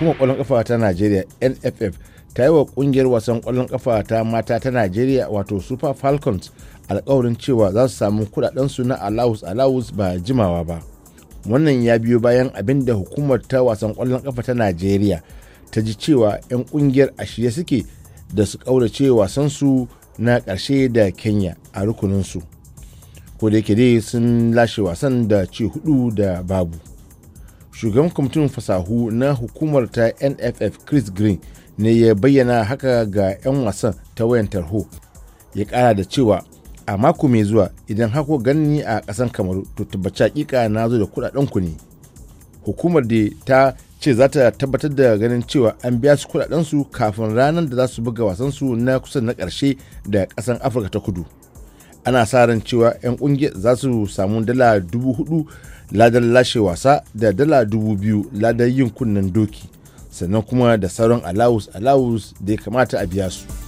hukumar kwallon kafa ta najeriya nff ta yi wa kungiyar wasan kwallon kafa ta mata ta najeriya wato super falcons alkawarin cewa za su samu su na allowance allowance ba jimawa ba wannan ya biyo bayan abin da hukumar ta wasan kwallon kafa ta najeriya ta ji cewa 'yan kungiyar a shirye suke da su kaurace wasansu na ƙarshe da kenya a rukuninsu ko da yake dai sun lashe wasan da ce hudu da babu shugaban kwamitin fasahu na hukumar ta nff chris green ne ya bayyana haka ga 'yan wasan ta wayan tarho ya kara da cewa a mako mai zuwa idan hako ganni a kasan kamaru to tabbaci hakika na zo da kudaden ku ne hukumar da ta ce za ta tabbatar da ganin cewa an biya su kudaden su kafin ranar da za su buga wasansu na kusan na karshe da kasan afirka ta kudu ana sa ran cewa 'yan kungiyar za su samu dala dubu hudu ladan lashe wasa da dala dubu biyu ladan yin kunnen doki sannan kuma da sauran alawus alawus da ya kamata a biya su.